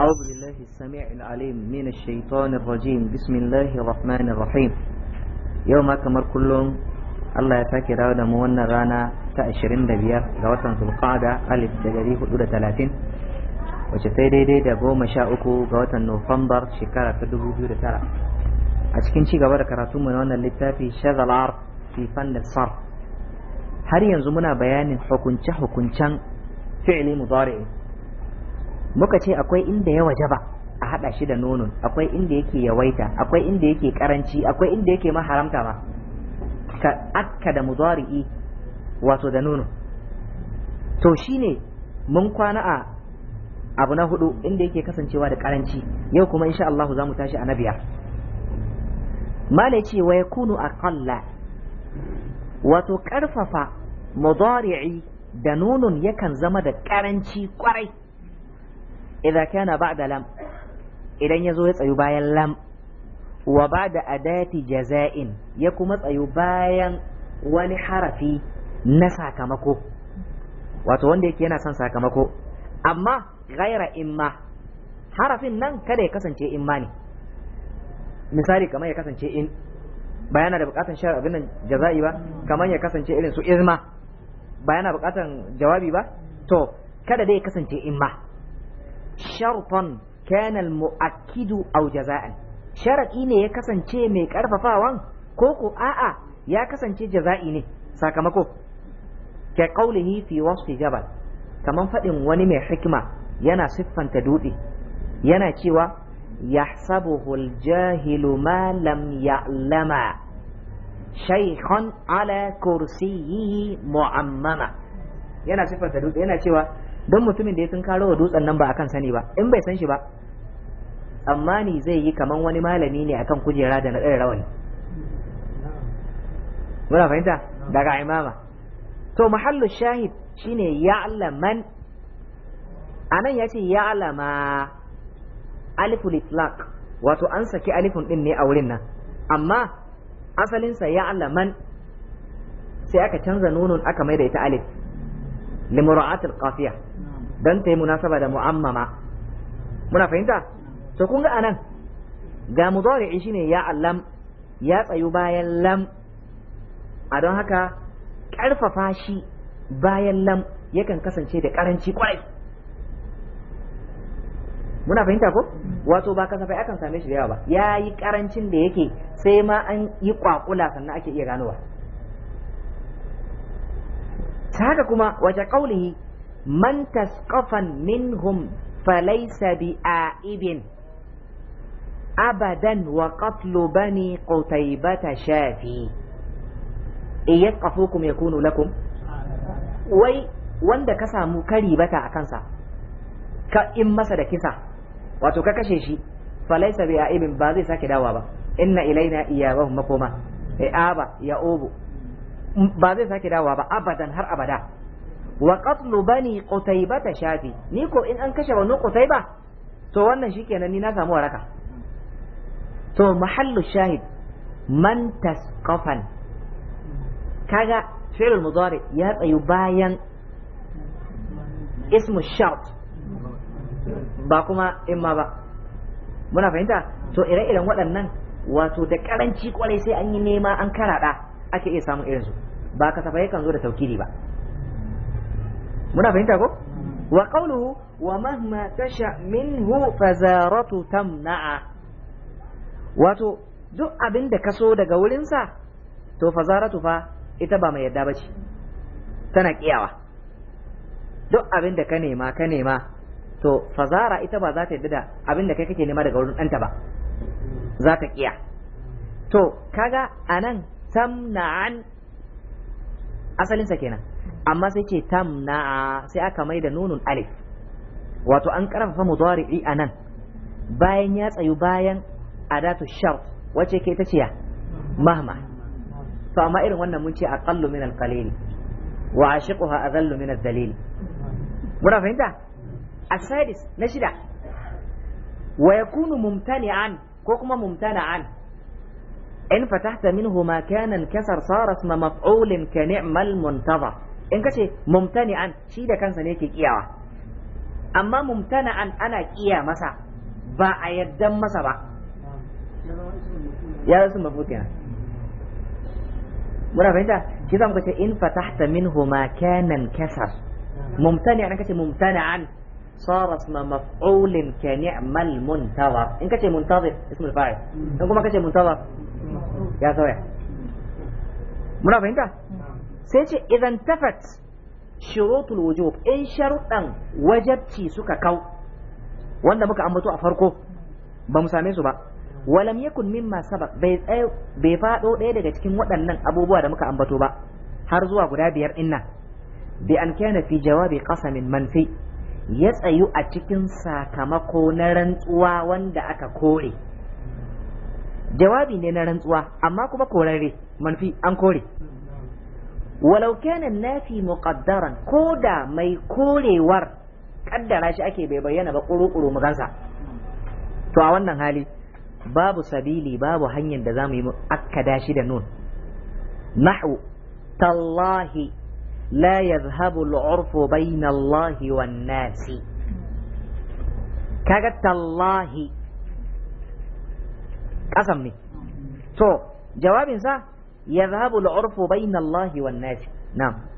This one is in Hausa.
أعوذ بالله السميع العليم من الشيطان الرجيم بسم الله الرحمن الرحيم يوم كمر كلهم الله يساكي راودا موانا غانا تأشرين دبيار غوطن سلقادة ألف دجاري حدود ثلاثين وشتي دي دي دبو مشاوكو غوطن نوفمبر شكارة تدبو بيو ترى أشكين شي غوطة كراتو من وانا للتافي شغل عرض في فن الصرف har yanzu muna bayanin hukunce-hukuncen fi'ili mudari'i muka ce akwai inda ya wajaba a hada shi da nonon akwai inda yake yawaita akwai inda yake karanci akwai inda yake maharamta ma ka akka da mudari'i wato da nono to shine mun kwana a abu na hudu inda yake kasancewa da karanci yau kuma insha Allah za mu tashi a na biyar mala ce wa yakunu aqalla wato karfafa mudari'i da nunun yakan zama da karanci kwarai idza kana ba'da lam idan yazo ya tsayu bayan lam wa ba'da adati jaza'in ya kuma tsayu bayan wani harafi na sakamako wato wanda yake yana son sakamako amma ghaira imma harafin nan kada ya kasance imma ne misali kamar ya kasance in bayana da bukatan shar abin nan jaza'i ba kamar ya kasance irin su izma bayana bukatan jawabi ba to kada dai ya kasance imma sharton kana mu'akkidu au jaza'an sharadi ne ya kasance mai karfafawan ko ko a'a ya kasance jaza'i ne sakamako ka qawlihi fi wasfi jabal kaman fadin wani mai hikima yana siffanta dutse yana cewa yahsabuhu al-jahilu ma lam ya'lama shaykhan ala kursiyyihi mu'ammama yana siffanta dutse yana cewa don mutumin da ya tunkaro wa dutsen nan ba akan sani ba in bai san shi ba amma ni zai yi kaman wani malami ne akan kujera da na ɗaya rawani muna fahimta daga imama to mahallu shahid shine ya anan ya alama alifun itlaq wato an saki alifun din ne a wurin nan amma asalinsa ya alaman sai aka canza nunun aka mai da ita alif limura'at alqafiya dan ta yi munasaba da mu'ammama muna fahimta to kun ga anan ga mudari'i shine ya allam ya tsayu bayan lam a don haka karfafa shi bayan lam yakan kasance da karanci kwarai muna fahimta ko wato ba kasafai akan same shi da yawa ba ya yi karancin da yake sai ma an yi kwakula sannan ake iya ganowa ta haka kuma wace qaulihi man tasqafan minhum falaysa bi'aibin abadan wa qatlu bani qutaybata shafi iyaqafukum eh, yakunu lakum wai wanda ka samu kari bata a kansa ka in masa da kisa wato ka kashe shi falaisa bi aibin ba zai sake dawa ba inna ilaina iyabahum makoma e aba ya obo ba zai sake dawowa ba abadan har abada wa qatlu bani qutayba ta shafi ni ko in an kashe banu qutayba to wannan shikenan ni na samu waraka to mahallu shahid man tasqafan kaga fi'l mudari ya tsayu bayan ismu shart ba kuma imma ba muna fahimta to ire-iren waɗannan wato da karanci kwarai sai an yi nema an karaɗa ake iya samun irin su ba kasafai kan zo da taukidi ba muna fahimta ko wa qawluhu wa mahma tasha minhu fazaratu tamna'a wato duk abin da kaso daga wurinsa to fazaratu fa ita ba mai yadda bace tana kiyawa duk abin da ka nema ka nema to fazara ita ba za ta yadda da abin da kai kake nema daga wurin ɗanta ba za ta kiya to kaga anan an asalinsa kenan amma sai ce tamna'a sai aka mai da nunun alif wato an karfafa mudari'i a nan bayan ya tsayu bayan adatu shart wacce ke ta ciya mahma to amma irin wannan mun ce aqallu min al-qalil wa ashiquha adallu min ad-dalil muna fahimta asadis na shida wa yakunu mumtani'an ko kuma mumtana'an إن فتحت منه ما كان انكسر صار اسم مفعول كنعم المنتظر إن كشي ممتنعا شيدا كان سنيك إياوة أما ممتنعا أنا إيا مسا با أيد مسا با يا رسول مفوت يا مرا فهمت كذا مكشي إن فتحت منه ما كان انكسر ممتنعا أنا كشي ممتنعا صار اسم مفعول كنعم المنتظر إن كشي منتظر اسم الفاعل إن كشي منتظر ya sauya muna fahimta sai ce idan tafat shirotul wujub in sharuɗan wajabci suka kau wanda muka ambato a farko ba mu same su ba walam yakun mimma sabaq bai bai fado ɗaya daga cikin waɗannan abubuwa da muka ambato ba har zuwa guda biyar inna bi an kana fi jawabi qasamin manfi ya tsayu a cikin sakamako na rantsuwa wanda aka kore jawabi ne na rantsuwa amma kuma korarre manfi an kore walau kana nafi muqaddaran ko da mai korewar kaddara shi ake bai bayyana ba kuru-kuru mu gansa to a wannan hali babu sabili babu hanyar da zamu yi akkada shi da nun nahu tallahi la yadhhabu al'urfu bayna allahi wan nasi kaga tallahi kasan me to jawabinsa ya zahabu la'urfu bayna Allahi wan nasi na'am